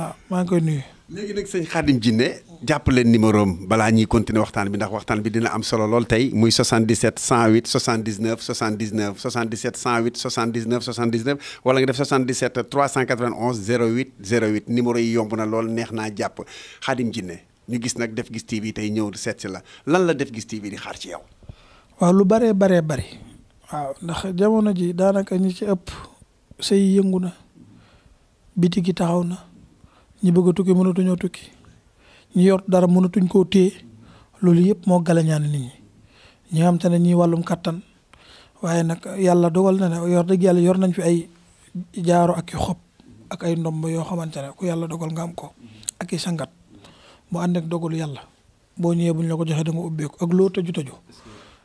waaw ah, maa ngi koy nuyu. léegi nag sëñ Khadim Djiné jàpp leen numéro balaa ñuy continuer waxtaan bi ndax waxtaan bi dina am solo lool tey muy 77 108 79 79 77 108 79 79 wala nga def 77 391 08 08 numéro yi yomb na lool neex naa jàpp Khadim Djiné ñu gis nag Def Guiss TV tey ñëw seet si la lan la Def Guiss TV di xaar ci yow. waaw lu bëree bëree bëri. waaw ndax jamono ji daanaka ñi ci ëpp sëy yëngu na bitigi taxaw na. ñi bëgg a tukki mënatuñoo tukki ñi yor dara mënatuñ koo téye loolu yëpp moo galañaan nit ñi ñi nga xam te ne ñii wàllum kattan waaye nag yàlla dogal na ne yor dëgg yàlla yor nañ fi ay jaaro ak i xob ak ay ndomb yoo xamante ne ku yàlla dogal nga am ko ak i sangat mu ànd ak dogalu yàlla boo ñëwee bu ñu la ko joxee da nga ubbeeku ak loo tëju tëju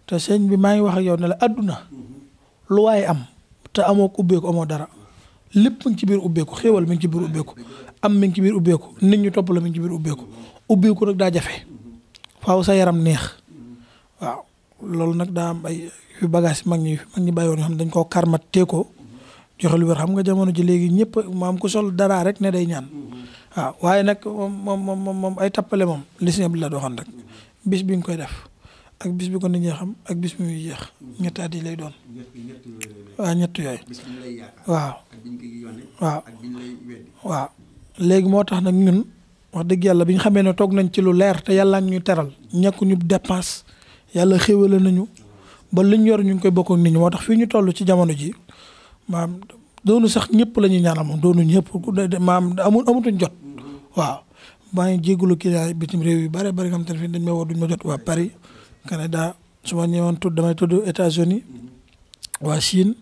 te sëñ bi maa ngi wax ak yow ne la àdduna lu waaye am te amoo ubbeeku amoo dara lépp mu ngi ci biir ubbeeku xéewal mu ngi ci biir ubbeeku am mi ngi ci biir ubbeeku nit ñu topp la mi ngi ci biir ubbeeku ubbeeku nag daa jafe faaw sa yaram neex waaw loolu nag daa am ay yu bagage mag ñi mag ñi bàyyi woon yoo xam dañ koo karmat ko joxe lu wér nga jamono ji léegi ñëpp maam ku sol dara rek ne day ñaan waaw waaye nag moom moom moom ay tappale moom li bi la doo doxoon rek bis bi nga koy def ak bis bi ko nit ñi xam ak bis bi muy jeex ñetti at lay doon waaw ñett yooyu waaw waaw waaw léegi moo tax nag ñun wax dëgg yàlla bi ñu xamee ne toog nañ ci lu leer te yàlla ñu teral ñàkku ñu dépense yàlla xéwale nañu ba li ñu yor ñu ngi koy bokk ak ñu ñi moo tax fii ñu toll ci jamono ji maam doonu sax ñëpp la ñuy ñaanal moom doonu ñëpp maam amul amatuñ jot waaw. maa ngi jégalu kii bitim réew yu bare bari nga xam te ne fii dañ may woo duñ ma jot waa Paris Canada su ma ñëwoon tudd damay tudd États-Unis waa Chine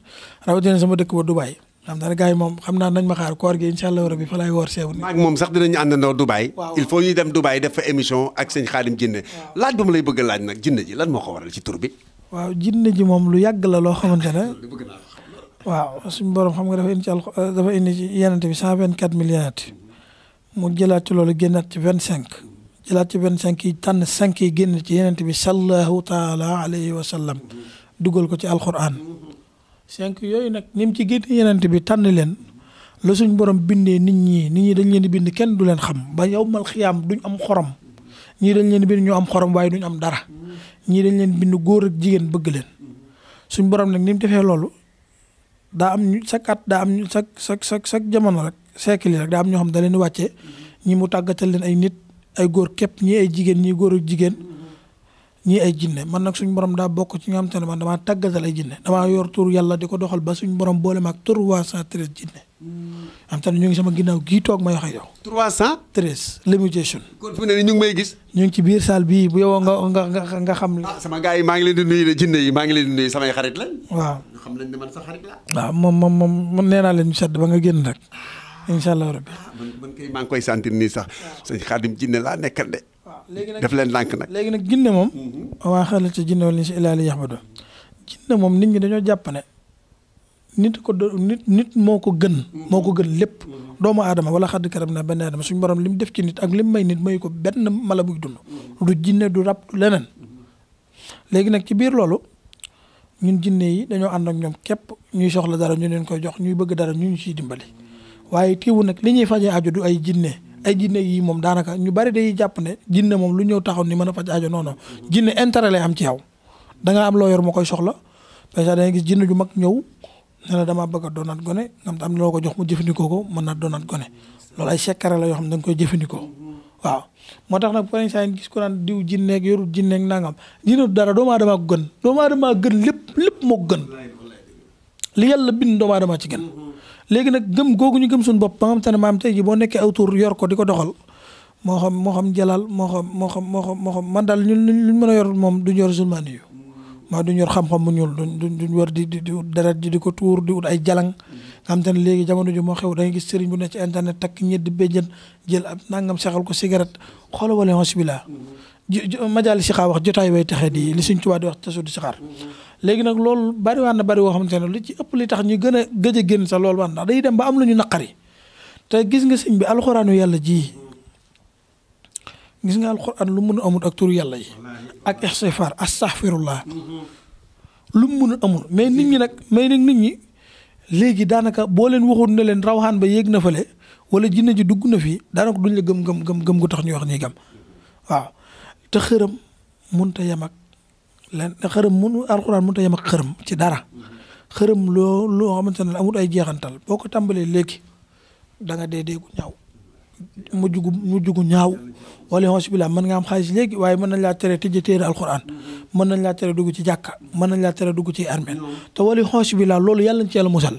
rawatina sama dëkk ba Dubaï. xam naa ne yi moom xam naa nañ ma xaar koor gi incha allah rabbi fa laay woor seebu. maag moom sax dinañu àndandoo Dubaay. il faut ñuy dem Dubaay def fa émission ak sëñ Xaadim Jinne laaj bu ma lay bëgg laaj nag jinne ji lan moo ko ci tur bi. waaw jinne ji moom lu yàgg la loo xamante ne. waaw suñu boroom xam nga dafa indi ci euh, dafa indi ci yenante bi cent vingt quatre milliards mu jëlaat ci loolu génnaat ci vingt cinq jëlaat ci vingt cinq yi tànn cinq yi génn ci yenante bi sallallahu taala alayhi wa sallam dugal ko ci alquran. cinq yooyu nag ni ci génn yenent bi tànn leen la suñ borom bindee nit ñi nit ñi dañ leen di bind kenn du leen xam ba yow mal xiyaam duñ am xorom ñii dañ leen bind ñu am xorom waaye duñ am dara ñii dañ leen bind góor ak jigéen bëgg leen suñ borom nag ni mu defee loolu daa am ñu chaque at daa am ñu chaque chaque chaque chaque jamono rek siècle yi rek daa am ñoo xam da leen di wàcce ñi mu tàggatal leen ay nit ay góor képp ñi ay jigéen ñii góor ak jigéen ñii ay jinne man nag suñu borom daa bokk ci nga xam te ne man damaa tàggatal yor tur yàlla di ko doxal ba suñu borom boole maag trois cent hmm. ñu ngi sama ginnaaw gii toog ma wax ak yow. trois cent treize limitation. kon fu ne ñu ngi may gis. ñu ngi ci biir salle bii yow nga nga xam. ah sama gars yi maa ngi leen di maa ngi leen di nuyu samay xarit la. waaw man sa moom moom moom man nee naa leen ñu sedd ba nga génn rek ah. incha allah rabbi. Ah, man maa ngi koy sentir nii sax sëñ Xaadim jinne laa nekkal de léegi nag def leen lànk nag. léegi nag jinne moom. Mhm. waa xelal ci jinne wala incha allah li yaxbadu jinne moom nit ñi dañoo jàppane nit ko nit nit moo ko gën. Mhm. moo ko gën lépp. Mhm. doomu aadama wala xadd karam naa benn aadama suñu borom li mu def ci nit ak li mu may nit may ko benn mala buy dund. du jinne du rab leneen. léegi nag ci biir loolu ñun jinne yi dañoo ànd ak ñoom képp ñuy soxla dara ñu leen koy jox ñuy bëgg dara ñu ñu ciy dimbali waaye teewu nag li ñuy fajee ajo du ay jinne ay jinne yii moom daanaka ñu bari day jàpp ne jinne moom lu ñëw taxaw ni mën a faj aajo non non jinne intérêt lay am ci yow da am loo yor ma koy soxla parce que da mag ñëw ne damaa bëgg a doonaat gone ngam am ko jox mu jëfandikoo ko mën naa doonaat gone loolu ay sekkare la yoo xam ne da koy jëfandikoo waaw moo tax nag parrain saa gis ko naan diw jinneeg yorul jinneeg nangam jinne du dara doomaa doomu aadama gën doomu aadama gën lépp lépp moo gën li yàlla bind doomu aadama ci gën léegi nag gëm googu ñu gëm suñu bopp ba nga xam te ne maam tey jii boo nekkee aw tur yor ko di ko doxal moo xam moo xam jalaal moo xam moo xam moo xam moo xam man daal ñun luñ mën a yor moom du ñor zulmaani yu maa duñ yor xam-xam bu ñuul duñ duñ yor di di di ut deret di ko tuur di ut ay jalang nga xam te léegi jamono ji moo xew da gis sëriñ bu ne ci internet takk ñedd béjjën jël ab nangam saxal ko cigarette xoolal wala hosbila majaal sixaar wax jotaay way taxe di li suñ tubaab di wax te sudu sixaar léegi nag lool bari waan na bari woo xamante ne lu ci ëpp li tax ñu gën a gëj a génn sax loolu wax ndax day dem ba am lu ñu naqari te gis nga sëñ bi alxuraanu yàlla ji gis nga alxuraan lu mun a amul ak turu yàlla yi ak istighfar astaghfirullah lu mun a amul mais nit ñi nag mais nag nit ñi léegi daanaka boo leen waxoon ne leen rawxaan ba yéeg na fale wala jinne ji dugg na fii daanaka duñ la gëm gëm gëm gëm gu tax ñuy wax ñuy gëm waaw te xërëm mënut a yem ak lenn xërëm mënu alxuraan mënut a ak xërëm ci dara xërëm loo loo xamante ne amul ay jeexantal boo ko tàmbalee léegi danga nga dee dee gu ñaaw mu jugu mu jugu ñaaw wala xos bi la mën am xaalis léegi waaye mën nañ laa tere tëjee téere alxuraan mën nañ laa tere dugg ci jàkka mën nañ laa tere dugg ci armeel te wala xos bi la loolu yàlla na ci yàlla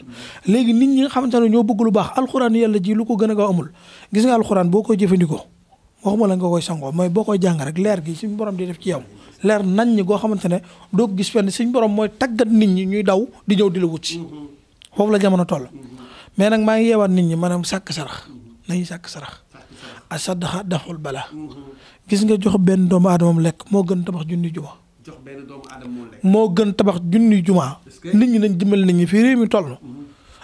léegi nit ñi nga xamante ne ñoo bëgg lu baax alxuraan yàlla ji lu ko gën a gaaw amul gis nga alxuraan boo koy jëfandikoo waxuma la nga koy sangoo mooy boo koy jàng rek leer gi suñu borom di def ci yow leer nañ ñi goo xamante ne doo gis fenn suñ borom mooy tàggat nit ñi ñuy daw di ñëw di la wut si foofu la jamono toll mais nag maa ngi yeewaat nit ñi maanaam sàkk sarax nañu sàkk sarax asadaxa daxul bala gis nga jox benn doomu aadamam lekk moo gën tabax junni juma jox benn doomu aadama moo gën tabax junni juma nit ñi nañ dimbali nit ñi fii réew mi toll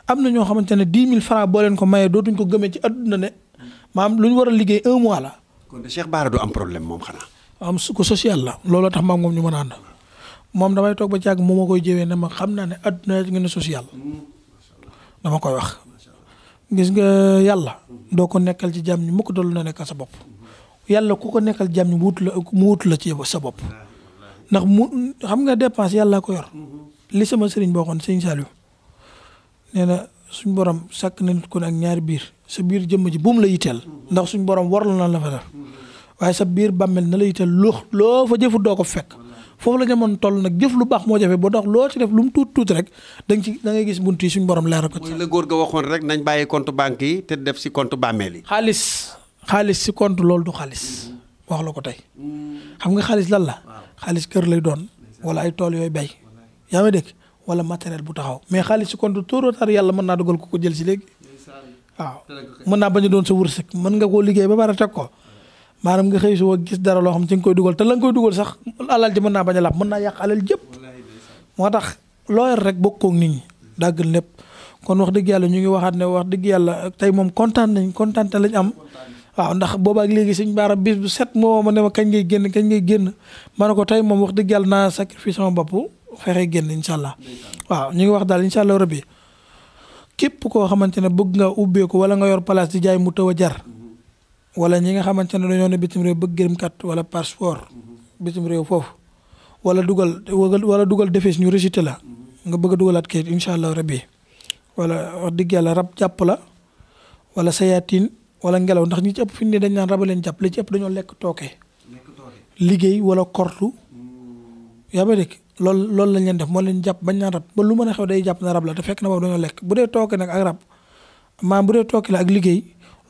am na ñoo xamante ne dix mille francs boo leen ko mayee dootuñ ko gëmee ci adduna maam lu ñu war a liggéey un mois la kon de Cheikh Bara du am problème moom xanaa. am su ko social la looloo tax maam moom ñu mën a ànd moom damay toog ba ci àgg moom moo koy jëwee ne ma xam naa ne adduna ngeen ne social dama koy wax. gis nga yàlla doo ko nekkal ci jàmm ñi mu ko doon na nekkal sa bopp yàlla ku ko nekkal jàmm ñi mu la mu wut la ci sa bopp ndax mu xam nga dépense yàlla ko yor li sama sëriñ boo xon sëriñ Saliou nee suñ borom sàkk na ko ku ne ak ñaari biir sa biir jëmm ji buum la yitteel ndax suñ borom warul na la fa def waaye sa biir bàmmel na la yitteel loo loo fa jëfu doo ko fekk foofu la jamono toll nag jëf lu baax moo jafe ba dox loo ci def lu mu tuut tuuti rek da ci da gis bunt yi suñ borom leeral ko ci. la góor ga waxoon rek nañ bàyyi compte banque yi te def si compte bàmmeel yi. xaalis xaalis si compte loolu du xaalis wax la ko tey mm. xam nga xaalis lan la. xaalis kër lay doon wala ay tool yooyu bay yaa wala matériel bu taxaw mais xaalis si compte tôt ou tard yàlla mën naa dogal ko ko jël si léegi waaw mën naa bañ doon sa wërsëg mën nga koo liggéey ba pare teg ko maanaam nga xëy soo gis dara loo xam ci nga koy dugal te la nga koy dugal sax alal naa a làpp mën naa yàq alal jëpp moo tax looyal rek bokkoog nit ñi dàggal lépp kon wax dëgg yàlla ñu ngi waxaat ne wax dëgg yàlla tey moom kontaan nañ kontaan te am waaw ndax boobaak léegi suñ baara bis bu set moo ma ne ma kañ ngay génn kañ ngay génn ma ne ko tey moom wax dëgg yàlla naa sacrifice sama bopp fexe génn incha allah waaw ñu ngi wax daal incha allah rabbi képp koo xamante ne bëgg nga ubbeeku wala nga yor place di jaay mu taw a jar wala ñi nga xamante ne dañoo ne bitim réew bëgg gërëmkat wala passeport bitim réew foofu wala dugal wala dugal defis ñu rejeté la nga bëgg a dugalaat kayit incha allah rabbi wala wax dëgg yàlla rab jàpp la wala sayaatiin wala ngelaw ndax ñi ci ëpp fi ne dañ naan rab leen jàpp li ci ëpp dañoo lekk tooke liggéey wala kortu loolu loolu lañ leen def moo leen jàpp bañ naan rab ba lu mën a xew day jàpp na rab la te fekk na boobu dañoo lekk bu dee tooke nag ak rab maam bu dee tooke la ak liggéey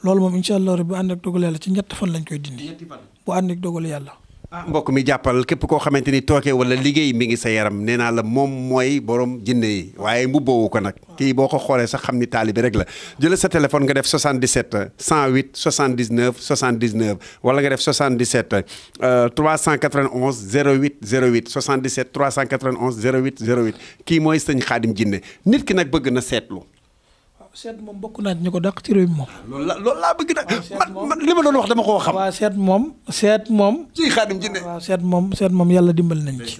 loolu moom incha allah rabbi bu ànd ak dogal yàlla ci ñett fan lañ koy dindi bu ànd ak dogal yàlla Ah. mbokk mi jàppal képp koo xamante ni tooke wala liggéey mi ngi sa yaram nee naa la moom mooy borom jinne yi waaye mu boowu ko nag kii boo ko xoolee sax xam ni taalibi rek la jëlal sa téléphone nga def 77 108 79 79 wala nga def 77 391 08 08 77 391 08 08 kii mooy sëñ Xaadim jinne nit ki nag bëgg na seetlu seet moom bokk naa ñu ko dàq ci réew mi moom. loolu la loolu laa bëgg nag. man man li doon wax dama koo xam. waaw seet moom seet moom. ci xaadim jinne seet moom seet moom yàlla dimbal nañ ci.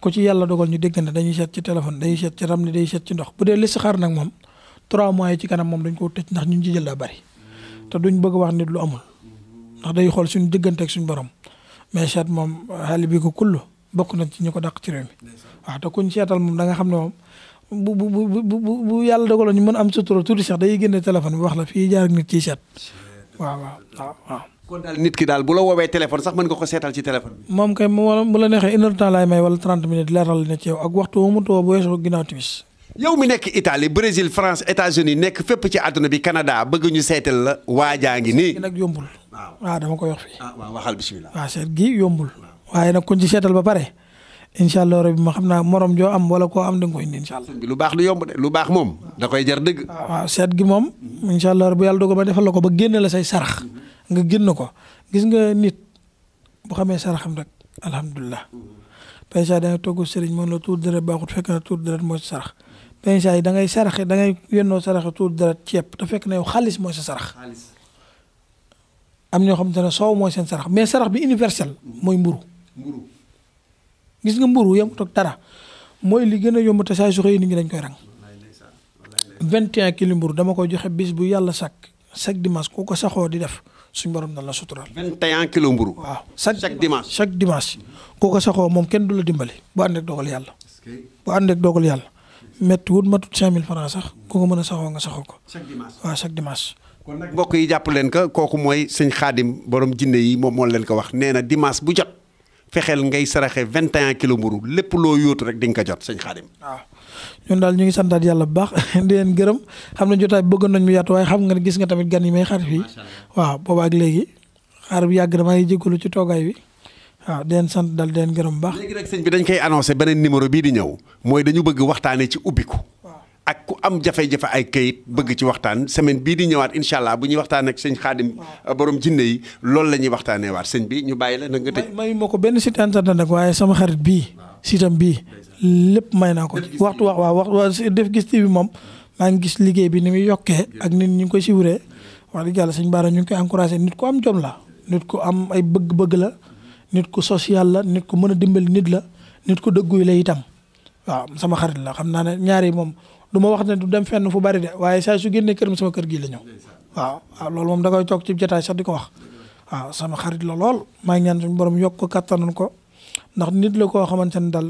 ku ci yàlla dogal ñu dégg dañuy seet ci téléphone dañuy seet ci ramli day seet ci ndox bu dee listixaar nag moom trois mois yi ci kanam moom dañ koo tëj ndax ñun ci jël daa bari te duñ bëgg wax nit lu amul ndax day xool suñu diggante ak suñu borom mais seet moom xaalis bi ko kullu bokk nañ ci ñu ko dàq ci réew mi waaw te kuñ seetal da nga xam ne moom bu bu bu bu bu yàlla dogaloon ñu mën am sutura tuuti sax day génne téléphone bi wax la fii jaar ak nit ci chat. waaw waaw waaw waaw. kon daal nit ki daal bu la woowee téléphone sax mën nga ko seetal ci téléphone bi. moom kay wala bu la neexee une heure temps laay may wala trente minutes leeral na ci yow ak waxtu wu mu too bu weesoo ginnaaw timis yow mi nekk Italie Brésil France États-Unis nekk fépp ci àdduna bi Canada bëgg ñu seetal la waajaa ngi nii. nag yombul. waaw ah, dama koy wax fii. ah waaw waxal bisimilah. waaw ah, seet gi yombul. waaye nag kuñ ci seetal ba pare. incha allah bi ma xam naa morom joo am wala koo am da nga koy indi incha allah. lu baax lu yomb de lu baax moom da koy jar dëgg. waaw seet gi moom incha allah rabi yàlla dogal ba defal la ko ba génne la say sarax nga génn ko gis nga nit bu xamee saraxam rek alhamdulilah. pensa da ngay togg sëriñ moom la tuur deret baaxut fekk na tuur deret moo ci sarax yi da ngay da ngay yennoo saraxe tuur deret ceeb te fekk na yow xaalis mooy sa sarax. am ñoo xam te ne soow mooy seen sarax mais sarax bi universel mooy mburu gis nga mburu yamut ak dara mooy li gën a yomb te saa su xëy nit ñi dañ koy rang 21 kilo mburu dama koy joxe bis bu yàlla sakk chaque dimanche koo ko saxoo di def suñu borom dana la suturaal. 21 kilo mburu waaw chaque dimanche chaque dimanche ku ko saxoo moom kenn du la dimbali bu ànd ak dogal yàlla. bu ànd ak dogal yàlla métti wut matut 5000 francs sax ku ko mën a saxoo nga saxoo ko. chaque dimanche waaw chaque dimanche. kon nag yi jàpp leen ko kooku mooy sëñ xaadim borom jinne yi moom moo leen ko wax nee na dimanche bu jot. fexeel ngay saraxe 21 kilo mburu lépp loo yóotu rek di ko jot sëñ Xaadim waaw ah. ñun daal ñu ngi santaat yàlla bu baax di leen gërëm xam nañ jotaay bëggoon nañ mu yaatu waaye xam nga gis nga tamit gan yi may xaar fii waaw boobaak léegi xaar bi yàgg damay jégalu ci toogaay bi waaw di leen sant daal di leen gërëm baax léegi rek sëñ bi dañ koy annoncé beneen numéro bii di ñëw mooy dañu bëgg waxtaanee ci ubbiku ak ku am jafe-jafe ay kayit bëgg ci waxtaan semaine bii di ñëwaat incha allah bu ñuy waxtaan ak señ xaadim borom jinne yi loolu la ñuy waxtaanee waat sëñ bi ñu bàyyi la na nga tëj may ma ko benn site internet nag waaye sama xarit bii sitam bii lépp may naa ko waxtu wax waaw waxtu def gis TV moom maa ngi gis liggéey bi ni muy yokkee ak nit ñi ngi koy siwuree wax dëgg yàlla sëñ Bara ñu ngi koy encouragé nit ko am jom la nit ko am ay bëgg-bëgg la nit ko social la nit ko mën a dimbali nit la nit ko dëgguy la itam waaw sama xarit la xam naa ne ñaari moom du ma wax ne du dem fenn fu bari de waaye saa su génnee këram sama kër gi la ñëw waaw waaw loolu moom da koy toog ci jotaay sax di ko wax waaw sama xarit la lool maa ngi ñaan suñu borom yokk ko kattanal ko ndax nit la koo xamante ne daal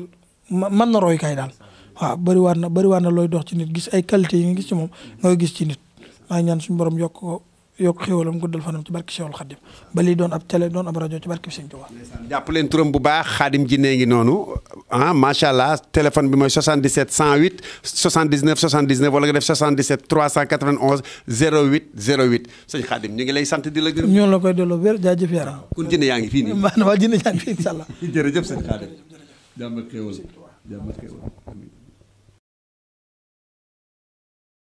mën na roy kay daal waaw bëriwaat na bëriwaat na looy dox ci nit gis ay qualité yi nga gis ci moom nga gis ci nit maa ngi ñaan suñu borom yokk ko yokk xéwalam guddal fanam ci barke Cheikhul Khadim ba lii doon ab télé doon ab rajo ci barke Sëñ Tuubaa jàpp leen turam bu baax Khadim Jinné ngi noonu ah macha allah téléphone bi mooy 77 108 79 79 wala nga def 77 391 08 08 sëñ Xaadim ñu ngi lay sant di la gërëm. ñoo la koy delloo wér jaajëf yaram. kon jënd yaa ngi fii nii. maanaam waa jënd yaa ngi fii incha allah. jërëjëf sëñ Xaadim.